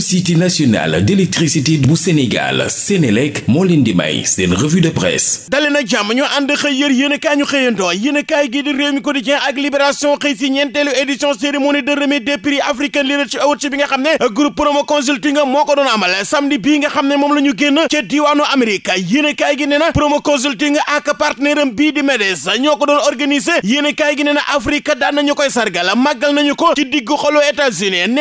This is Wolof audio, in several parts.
société nationale d'électricité bu Sénégal Sénélec moo leen di may seen revue de presse dale jàmm ñu ànd xëy yër yéen kaay ñu xëyandoo yéen kaay gi di Rewmi Quotidien ak Libération xëy si ñeenteelu édition cérémonie de remise des prix African Leadership Awards bi nga xam ne groupe Promo Consulting moo ko doon amal samedi bii nga xam ne moom la génn ca diwaanu Amérique yéen kaay gi nee na Promo Consulting ak partenaire am di MEDES ñoo ko doon organiser yéen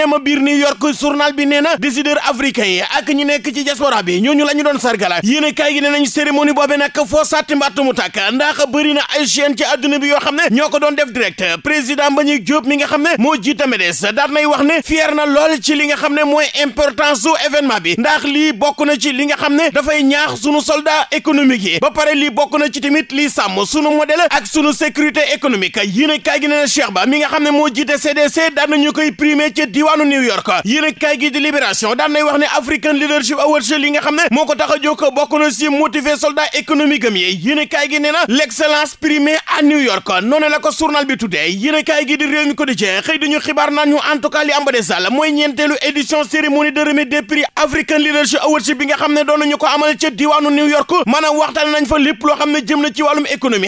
ma biir New na décideur africain yi ak ñu nekk ci diaspora bi ñooñu la ñu doon sargala yéen a kaay gi ne nañu cérémonie boobee nag foo sàtti mbàtt mu tàkk ndax bëri na ay chaîne ci àdduna bi yoo xam ne ñoo ko doon def direct président Mbagnick Diop mi nga xam ne moo jiite MEDES daal nay wax ne fier na lool ci li nga xam ne mooy importance su événement bi ndax lii bokk na ci li nga xam ne dafay ñaax sunu soldat économique yi ba pare lii bokk na ci tamit lii sàmm sunu modèle ak sunu sécurité économique yéen a kaay gi ne na Cheikh Ba nga xam ne moo jiite CDC daan nañu koy primé ci diwaanu New York yéen a kaay libération daan nay wax ne African Leadership Awards li nga xam ne moo ko tax a jóg si motiver soldat économique am yi yéen a gi nee na l' excellence primée à ko journal bi tuddee yéen a gi di réew ko di jeex xëy dañu ñu en tout cas li am mooy ñeenteelu édition cérémonie de remise des prix African bi nga xam ne doon ñu ko amal diwaanu New York maanaam waxtaan nañ fa xam ne jëm na ci wàllum économie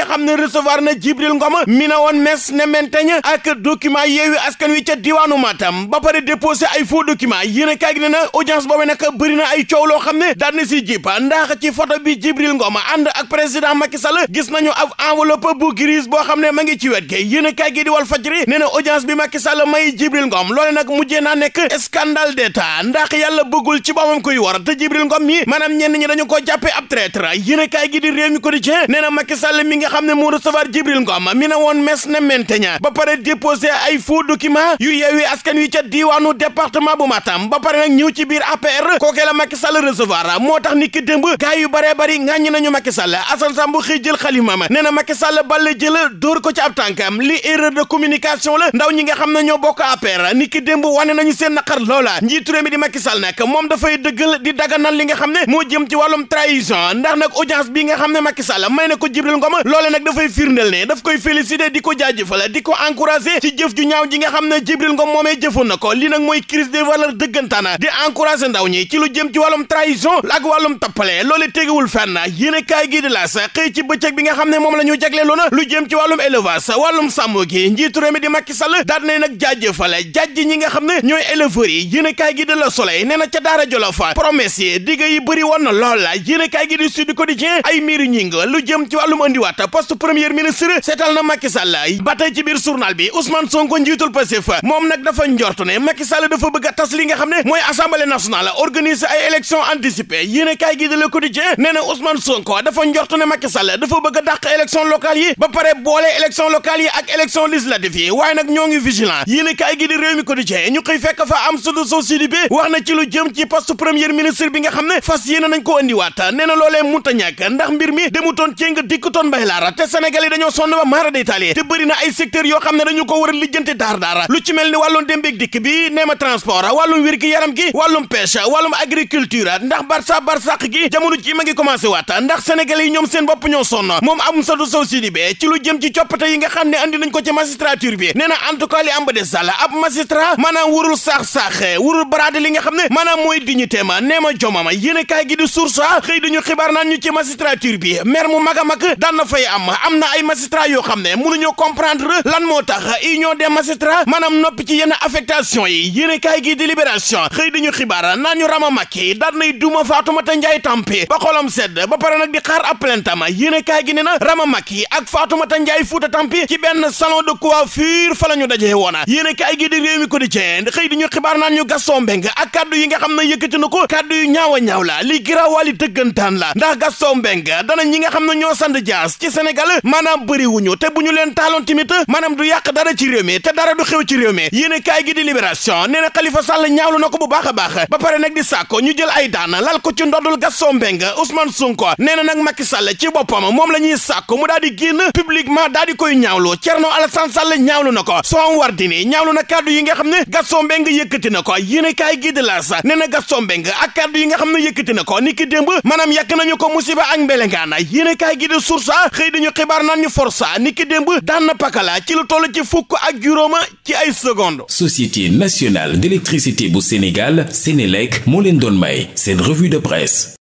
nga xam ne recevoir na Jibril Ngom mi na woon mes ne menteñ ak document yeewi askan wi ca diwaanu Matam ba pare déposé ay faux document yéen a gi ne na audience boobu nag bëri loo xam ne daan na si jip ndax ci photo bi Jibril Ngom ànd ak président Macky Sall gis nañu ab enveloppe bu grise boo xam ne ma ngi ci wet gi yéen a kaay gi di wal fajri nee na audience bi Macky Sall may Jibril Ngom loole nag mujjee naa nekk scandale d'état ndax yàlla bëggul ci boppam kuy war te Jibril Ngom mi maanaam ñenn ñi dañu ko jàppee ab traître yéen a kaay gi di réew mi quotidien nee na Macky Sall mi nga xam ne moo recevoir Jibril Ngom mi ne woon mes na menteña ba pare déposé ay faux document yu yeewi askan wi ca diiwaanu département bu Matam ba pare nag ñëw ci biir APR kookee la Macky Sall moo tax ni ki démb gars yu baree bari ŋàññi nañu Macky Sall Assane Samb xëy jël xalimam nee na Macky Sall balle jël dóor ko ci ab tànkam li erreur de communication la ndaw ñi nga xam ne ñoo bokk APR ni ki démb wane nañu seen naqar loola njiitu réew mi di Macky Sall moom dafay dëggal di daganal li nga xam ne moo jëm ci wàllum trahison ndax nag audience bi nga xam ne Macky Sall may na ko Jibril Ngom loole nag dafay firndeel ne daf koy féliciter di ko jaajëfal di ko encourager ci jëf ju ñaaw ji nga xam ne Jibril Ngom moomee jëfoon na ko li nag mooy crise des valeurs dëggantaana di encourager ndaw ñi ci lu jëm ci wàllum trahison ak wàllum tappale loole tegewul fenn yéene kaay gi di laas xëy ci bëccëg bi nga xam ne moom la ñu jagleeloon lu jëm ci wàllum élevage wàllum sàmm gi njiitu réew mi di Macky Sall daal na nag jaajëfal jajj ñi nga xam ne ñooy éleveurs yi yéene kaay gi di Le Soleil nee na ca daara Jolof promesse yi digg yi bëri woon na lool yéene kaay gi di Sud Quotidien ay miiru ñi nga lu jëm ci wàllum andiwaat poste premier ministre seetal na Macky Sall ba tey ci biir journal bi Ousmane Sonko njiitul Pastef moom nag dafa njort ne Macky Sall dafa bëgg a tas li nga xam ne mooy assemblée nationale organiser ay élections anticipées yéen a kaay gi de Le Quotidien nee na Ousmane Sonko dafa njort ne Macky Sall dafa bëgg a dàq élections locales yi ba pare boole élections locales yi ak élections la yi waaye nag ñoo ngi vigilant yéen a kaay gi de Rewmi Quotidien ñu koy fekk am sudu soo na ci lu jëm ci poste premier ministre bi nga xam ne fas yéene nañ ko andiwaat nee loolee ñàkk ndax mi demutoon cee nga dikkutoon mbay daara te Sénégal yi dañoo sonn ba maara day te bëri na ay secteur yoo xam ne dañu ko war a lijjanti daar daara lu ci mel ni wàllum dem beeg dikk bi neema transport wàllum wér gi yaram gi wàllum pêche wàllum agriculture ndax barsa barsàq gi jamono ji ma ngi commencé waat ndax Sénégal yi ñoom seen bopp ñoo sonn moom Amsatou Sow Sidibé ci lu jëm ci coppate yi nga xam ne andi nañ ko ci magistrature bi nee na en tout cas li am ba des daal ab magistrat maanaam warul warul baraade li nga xam ne maanaam mooy dignité ma nee ma jomama yéen a gi di source xëy dañu xibaar naan ñu ci magistrature bi maire mu mag a mag daan na fay am am na ay magistrat yoo xam ne mënuñoo comprendre lan moo tax union des magistrats maanaam noppi ci yenn affectation yi yéen kaay gi délibération xëy dañu xibaar naa ñu Rama Macky daan nay duuma Fatoumata Ndiaye ba xolam sedd ba pare nag di xaar ab plaintam yéen kaay gi ne na Rama Macky ak Fatoumata Ndiaye Fouta Tampé ci benn salon de coiffure fa la ñu dajee woona yéen kaay gi di réew mi quotidien xëy dañu xibaar naan ñu Gaston Mbengue ak kaddu yi nga xam ne yëkkati na ko kaddu a ñaaw la ñi nga xam ne ñoo sant Sénégal maanaam bëri wuñu te bu ñu leen taaloon tamit maanaam du yàq dara ci réew mi te dara du xew ci réew mi yéen a kaay gi di libération nee na Khalifa ñaawlu na ko bu baax a baax ba pare nag di sàkko ñu jël ay daan lal ko ci ndodul Gaston Mbengue Ousmane Sonko nee na nag Macky Sall ci boppam moom la ñuy sàkko mu daal di génn publiquement daal di koy ñaawlu Thierno Alassane Sall ñaawlu na ko Soham Wardini ñaawlu na kàddu yi nga xam ne Gaston Mbengue yëkkati na ko yéen a kaay gi na Gaston Mbengue ak kàddu yi nga xam ne yëkkati na ko ko xëy dañu xibaar naan ñu forsa ni ki démb daan na pakala ci lu toll ci fukk ak juróoma ci ay seconde société nationale d'électricité bu Sénégal Sénélec moo leen doon may seen revue de presse